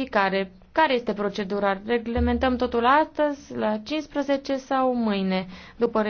fiecare. Care este procedura? Reglementăm totul astăzi, la 15 sau mâine, după